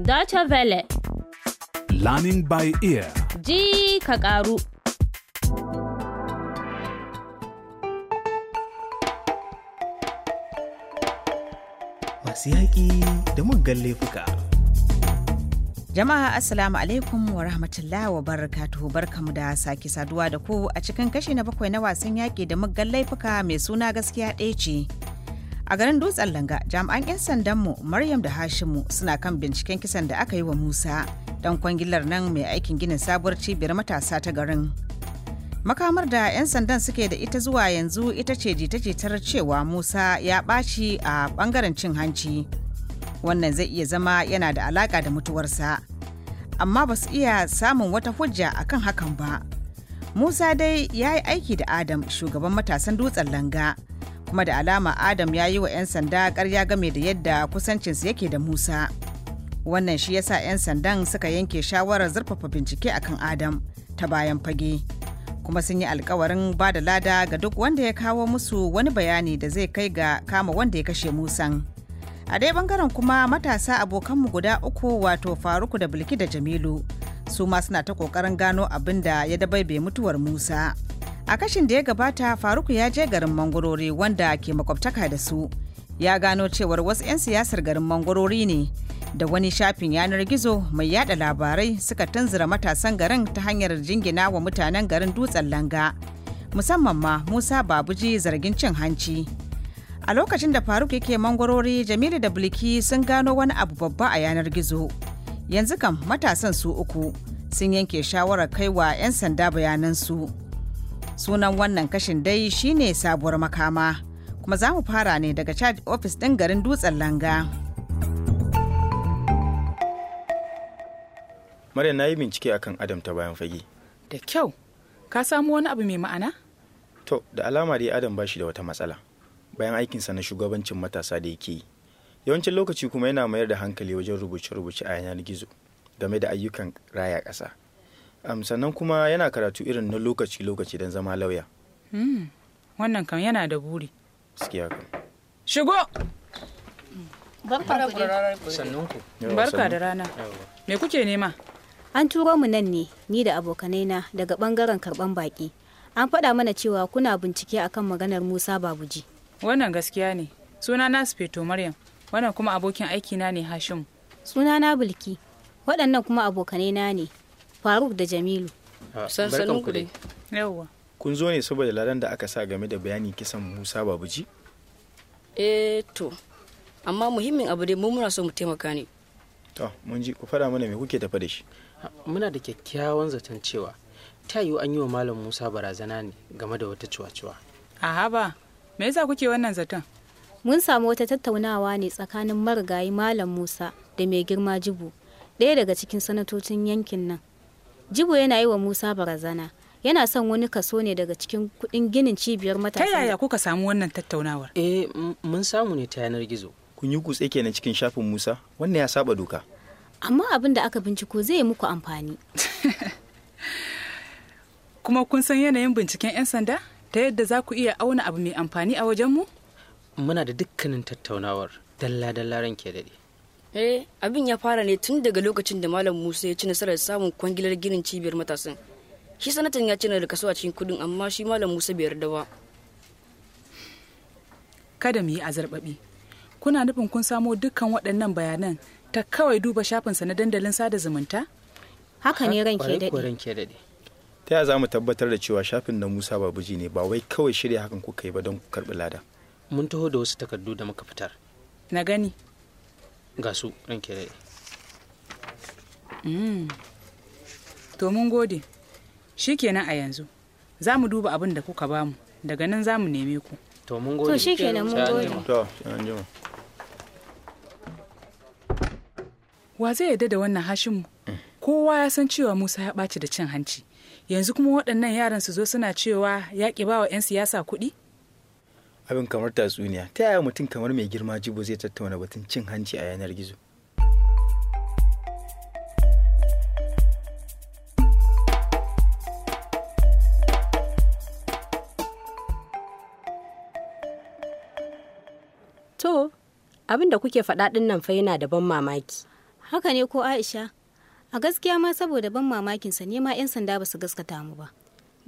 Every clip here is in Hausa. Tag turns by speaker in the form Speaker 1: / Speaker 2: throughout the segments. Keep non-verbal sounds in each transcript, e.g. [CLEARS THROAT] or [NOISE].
Speaker 1: Deutsche Welle.
Speaker 2: Learning by ear.
Speaker 1: Ji ka ƙaru.
Speaker 3: Masu yaƙi
Speaker 4: da muggan laifuka.
Speaker 5: Jama'a Assalamu alaikum wa rahmatullahi wa barakatuhu barkamu da sake saduwa da ku a cikin kashi na bakwai na wasan yaƙi da muggan laifuka mai suna gaskiya ɗaya ce. a garin dutsen langa jami'an 'yan sandanmu maryam da hashimu suna kan binciken kisan da aka yi wa musa dan kwangilar nan mai aikin ginin sabuwar cibiyar matasa ta garin makamar da 'yan sandan suke da ita zuwa yanzu ita ce jita-jitar cewa musa ya ɓaci a ɓangaren cin hanci wannan zai iya zama yana da alaƙa da mutuwarsa amma ba su iya samun wata hujja akan hakan ba musa dai ya yi aiki da adam shugaban matasan dutsen langa kuma da alama adam ya yi wa 'yan sanda karya game da yadda kusancinsu yake da musa wannan shi yasa 'yan sandan suka yanke shawarar zurfafa bincike akan adam ta bayan fage kuma sun yi alkawarin ba da lada ga duk wanda ya kawo musu wani bayani da zai kai ga kama wanda ya kashe musan a dai bangaren kuma matasa abokanmu guda uku wato faruku da bilki da jamilu su ma suna ta kokarin gano abin da ya dabaibe mutuwar musa a kashin da ya gabata faruku ya je garin mangarori wanda ke makwabtaka da su ya gano cewar wasu 'yan siyasar garin mangwarori ne da wani shafin yanar gizo mai yada labarai suka tunzura matasan garin ta hanyar jingina wa mutanen garin dutsen langa musamman ma musa babuji zargin cin hanci a lokacin da faruk yake mangwarori jamilu da bulki sun gano wani abu babba a yanar gizo yanzu kam matasan su uku sun yanke shawarar kai wa 'yan sanda bayanansu Sunan wannan kashin dai shine sabuwar makama. Kuma za mu fara ne daga charge office ɗin garin dutsen langa.
Speaker 6: Maryam na yi bincike akan Adam ta bayan fage.
Speaker 7: Da kyau, ka samu wani abu mai ma'ana?
Speaker 6: To, da alama dai Adam ba shi da wata matsala. Bayan aikinsa na shugabancin matasa da yake yi. Yawancin lokaci kuma yana mayar da hankali wajen rubuce-rubuce a yanar gizo game da ayyukan raya ƙasa. um, sannan kuma yana karatu irin na lokaci-lokaci don zama lauya
Speaker 7: Hmm. wannan kan yana da buri Sikiya kan shigo barka da rana me kuke nema
Speaker 1: an turo mu nan ne ni da abokanai na daga bangaren karban baki an faɗa mana cewa kuna bincike akan maganar musa babuji
Speaker 7: wannan gaskiya ne suna na Sufeto maryam wannan kuma abokin aikina
Speaker 1: ne hashim suna na bilki waɗannan kuma abokanai na ne faruk da jamilu
Speaker 6: ah, sansanin ku yawwa kun zo ne saboda ladan da aka sa game da bayanin kisan musa babuji
Speaker 8: eh to amma muhimmin abu dai mun muna so mu
Speaker 4: taimaka ne
Speaker 6: to mun ji ku fara mana me kuke tafa da shi
Speaker 4: muna da kyakkyawan zaton cewa ta yiwu an yi wa malam musa barazana ne game da wata cuwa-cuwa
Speaker 7: aha ba me yasa kuke wannan zaton
Speaker 1: mun samu wata tattaunawa ne tsakanin marigayi malam musa da mai girma jibu ɗaya daga cikin sanatocin yankin nan Jibo yana yi wa Musa barazana. Yana son wani kaso ne daga cikin kuɗin ginin cibiyar matasa. Ta yaya
Speaker 4: kuka
Speaker 6: samu wannan tattaunawar? Eh, mun samu ne ta yanar gizo. Kun yi kutse kenan cikin shafin Musa? Wannan ya saba doka.
Speaker 1: Amma abin da aka binciko zai yi muku amfani. [LAUGHS]
Speaker 7: Kuma kun san yanayin binciken 'yan sanda? Ta yadda za ku iya auna abu mai amfani a wajenmu?
Speaker 8: Muna da dukkanin
Speaker 7: tattaunawar dalla-dalla ran ke daɗe.
Speaker 8: eh abin ya fara ne tun daga lokacin da malam musa ya ci nasarar samun kwangilar ginin cibiyar matasan shi sanatan ya ci da kaso a cikin kudin amma shi malam musa bai yarda ba kada mu yi azarbabi
Speaker 7: kuna nufin kun samo dukkan waɗannan bayanan ta kawai duba shafinsa na dandalin sada zumunta haka ne ranke daɗe
Speaker 6: ta yaya za mu tabbatar da cewa shafin na musa babuji ne ba wai kawai shirya hakan kuka yi ba don ku karɓi lada mun taho da wasu takardu da muka fitar na gani ga
Speaker 4: su ranke da
Speaker 7: mm. to mun gode shikenan a yanzu za mu duba abin da kuka bamu daga nan za mu neme ku
Speaker 4: to mun
Speaker 6: gode to shikenan mun gode to
Speaker 7: wa zai yarda da wannan hashinmu kowa ya san cewa musa ya ɓaci da cin hanci yanzu kuma waɗannan yaran su zo suna cewa ya ƙi ba wa 'yan siyasa kuɗi
Speaker 6: abin kamar tatsuniya ta yaya mutum kamar mai girma jibo zai tattauna batun cin hanci a yanar gizo
Speaker 8: To, abin da kuke faɗa ɗin nan fa yana da ban mamaki.
Speaker 1: Haka ne ko Aisha, a gaskiya ma saboda ban mamakinsa ne ma 'yan sanda ba su gaskata mu ba.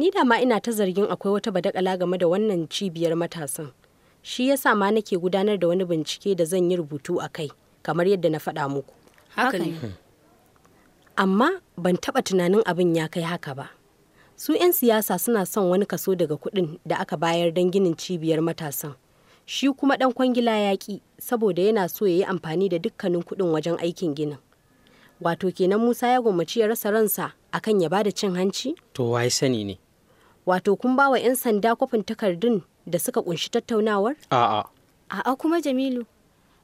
Speaker 8: Ni da ma ina ta zargin akwai wata badakala game da wannan cibiyar matasan. Shi ya sa ma nake gudanar da wani bincike da zan yi rubutu a kai, kamar yadda na faɗa muku. Amma ban taɓa tunanin abin ya kai haka ba. Su 'yan siyasa suna son wani kaso daga kuɗin da aka bayar don ginin cibiyar matasan. Shi kuma ɗan kwangila ya ƙi, saboda yana so ya yi amfani da dukkanin kuɗin wajen aikin ginin. wato kenan Musa ya gwammaci ya rasa ransa akan ya bada cin hanci?
Speaker 4: To wai sani ne.
Speaker 8: wato kun ba wa 'yan sanda kwafin takardun da suka
Speaker 1: kunshi tattaunawar? A'a. A'a kuma Jamilu,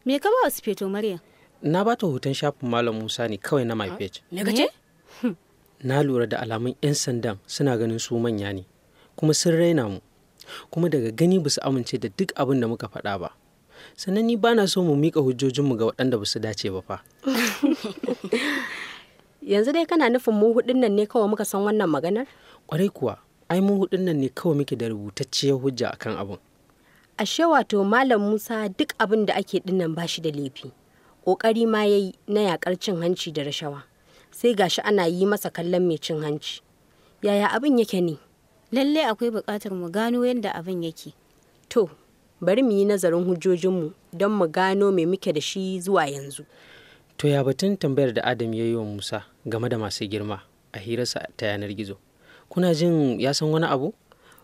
Speaker 1: me ka ba su feto Maryam?
Speaker 4: Na ba ta hoton shafin Malam Musa ne kawai na my page. Ah, me ce? Hmm. Na lura da alamun 'yan sandan suna ganin su manya ne, kuma sun raina mu, kuma daga gani ba su amince da duk abin da muka faɗa ba. Sannan ni ba na so mu miƙa hujjojinmu ga waɗanda ba su dace ba fa. [LAUGHS]
Speaker 8: Yanzu dai kana nufin mu huɗun nan ne kawai muka san
Speaker 4: wannan maganar? Ƙwarai kuwa, ai mu hudun nan ne kawai muke da rubutacciyar hujja akan abun ashe wato
Speaker 8: malam musa duk abin da ake dinnan bashi da laifi kokari ma yayi na yakar cin hanci da rashawa sai gashi ana yi masa kallon mai cin hanci yaya abin yake ne lalle akwai buƙatar mu gano yadda abin yake to bari mu yi nazarin hujjojinmu don mu gano me muke da shi zuwa yanzu
Speaker 4: to ya batun tambayar da adam ya yi wa musa game da masu girma a hirarsa ta yanar gizo kuna jin ya san wani abu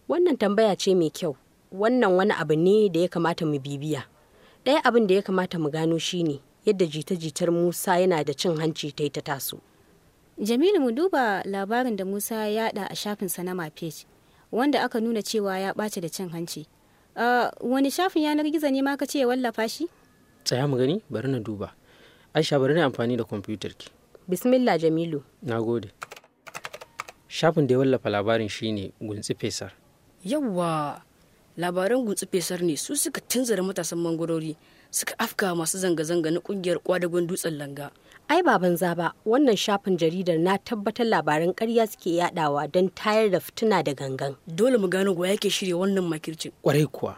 Speaker 4: wannan tambaya ce mai kyau wannan
Speaker 8: wani abu ne da ya kamata mu bibiya ɗaya abin da ya kamata mu gano shi ne yadda jita-jitar musa yana da cin hanci ta yi ta taso
Speaker 1: jamilu mu duba labarin da musa ya yada a shafinsa na mapage wanda aka nuna cewa ya ɓace da cin hanci wani shafin yanar gizo ne ma ka ce ya wallafa shi
Speaker 4: tsaya mu gani bari na duba aisha bari na amfani da kwamfutar ki
Speaker 1: bismillah jamilu
Speaker 4: na gode shafin da ya wallafa labarin shine guntsi fesar
Speaker 8: yawwa labaran guntsi fesar ne su suka tunzara matasan mangwarori suka afka masu zanga-zanga na kungiyar kwadagon dutsen langa ai ba banza ba wannan shafin jaridar na tabbatar labaran karya suke yadawa don tayar da fituna da gangan dole mu gano wa yake shirya wannan makircin kwarai
Speaker 4: kuwa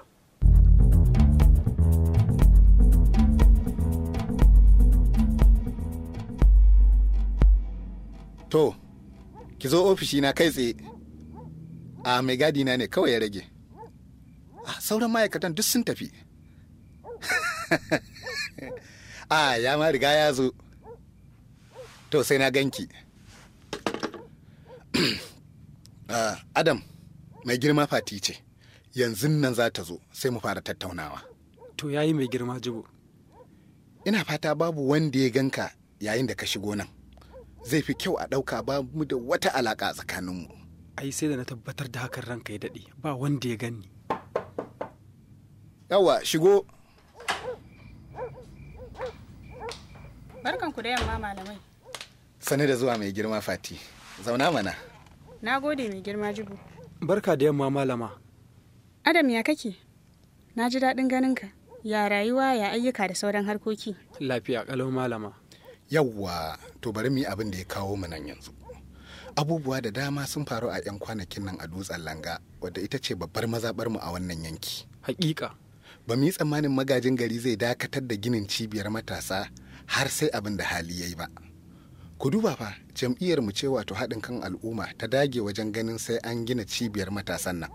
Speaker 3: to ki zo ofishi na kai tsaye a mai gadi na ne kawai ya rage a sauran ma'aikatan duk sun tafi [LAUGHS] a ya ma riga ya zo to sai na ganki [CLEARS THROAT] adam mai girma fati ce yanzu nan za ta zo sai mu fara tattaunawa to yayi mai girma jibo ina fata babu wanda ya ganka yayin da ka shigo nan zai fi kyau a ɗauka ba mu da wata alaƙa tsakaninmu.
Speaker 2: Ai sai da na tabbatar da hakan ranka ya daɗe ba wanda ya gani.
Speaker 3: Yawa shigo.
Speaker 5: Barkanku da yamma malamai.
Speaker 3: Sani da zuwa mai girma fati. Zauna mana.
Speaker 5: Na gode mai girma jibu.
Speaker 3: Barka da yamma malama.
Speaker 5: Adam ya kake? Na ji daɗin ganinka. Ya rayuwa ya ayyuka da sauran harkoki.
Speaker 3: Lafiya ƙalau malama. yawwa to bari mu yi abin da ya kawo mu nan yanzu abubuwa da dama sun faru a 'yan kwanakin nan a dutsen langa wadda ita ce babbar mazabar mu a wannan yanki hakika ba mu yi tsammanin magajin gari zai dakatar da ginin cibiyar matasa har sai abin da hali ya yi ba ku duba fa jam'iyyar mu ce wato haɗin kan al'umma ta dage wajen ganin sai an gina cibiyar matasan nan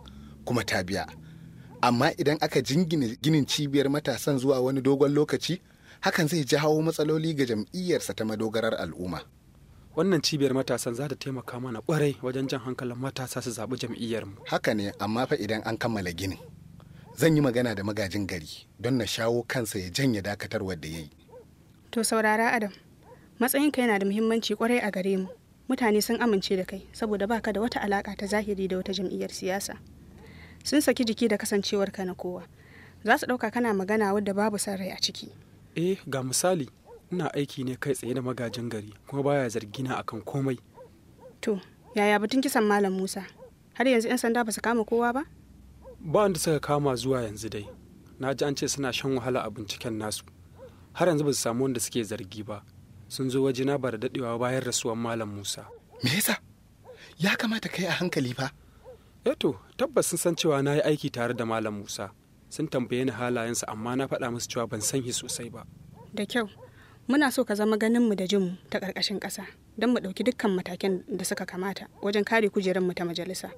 Speaker 3: kuma ta biya amma idan aka jingina ginin cibiyar matasan zuwa wani dogon lokaci hakan zai jawo matsaloli ga jam'iyyarsa ta madogarar al'umma
Speaker 2: wannan cibiyar matasan za ta taimaka mana kwarai
Speaker 3: wajen jan hankalin matasa su zaɓi jam'iyyar mu. haka ne amma fa idan an kammala ginin zan yi magana da magajin gari don na shawo kansa ya janye dakatar wadda ya yi to
Speaker 5: saurara adam matsayinka yana da muhimmanci kwarai a gare mu mutane sun amince da kai saboda baka da wata alaka ta zahiri da wata jam'iyyar siyasa sun saki jiki da kasancewar ka na kowa za su ɗauka kana magana wadda babu son rai a ciki
Speaker 2: eh ga misali ina aiki ne kai tsaye da magajin gari kuma baya zargina akan komai
Speaker 5: to yaya batun kisan malam musa har yanzu 'yan sanda ba su kama kowa ba
Speaker 2: ba wanda suka kama zuwa yanzu dai na ji an ce suna shan wahala a binciken nasu har yanzu ba su samu wanda suke zargi ba sun zo wajena ba da dadewa bayan rasuwar malam musa
Speaker 3: me yasa ya kamata kai a hankali fa
Speaker 2: eh to, tabbas sun san cewa na yi aiki tare da malam musa sun tambaye ni su amma na faɗa musu cewa ban san shi sosai ba
Speaker 3: da kyau
Speaker 5: muna so ka zama ganinmu da jinmu ta ƙarƙashin ƙasa don mu ɗauki dukkan matakin da suka kamata wajen kare mu ta majalisa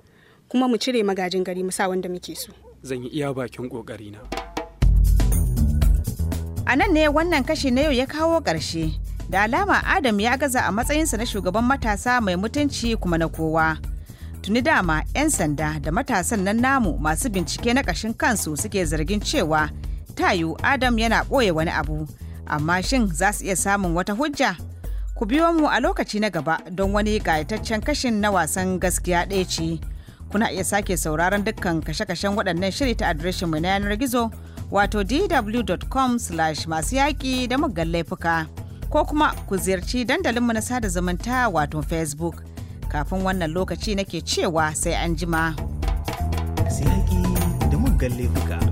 Speaker 5: kuma mu cire magajin gari mu sa wanda muke so
Speaker 2: zan yi iya bakin ƙoƙarina
Speaker 5: a nan ne wannan kashi na yau ya kawo ƙarshe da alama adam ya gaza a matsayinsa na shugaban matasa mai mutunci kuma na kowa tuni dama 'yan sanda da matasan nan namu masu bincike na ƙashin kansu suke zargin cewa tayu adam yana ɓoye wani abu amma shin za su iya samun wata hujja ku biyo mu a lokaci na gaba don wani gayataccen kashin na wasan gaskiya ɗaya ce kuna iya sake sauraron dukkan kashe-kashen waɗannan shiri ta adireshin mu na yanar gizo wato dw.com slash masu yaƙi da muggan laifuka ko kuma ku ziyarci dandalinmu na sada zumunta wato facebook kafin wannan lokaci nake cewa sai an jima.
Speaker 3: Sai da muggan laifuka.